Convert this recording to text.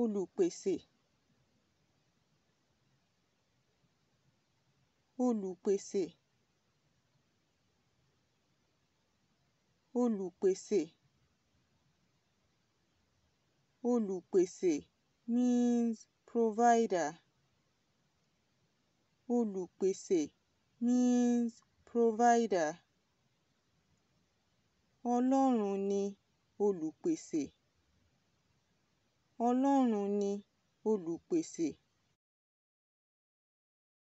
olùpèsè olùpèsè olùpèsè olùpèsè means provider olùpèsè means provider ọlọ́run ni olùpèsè ọlọ́run ni olùpèsè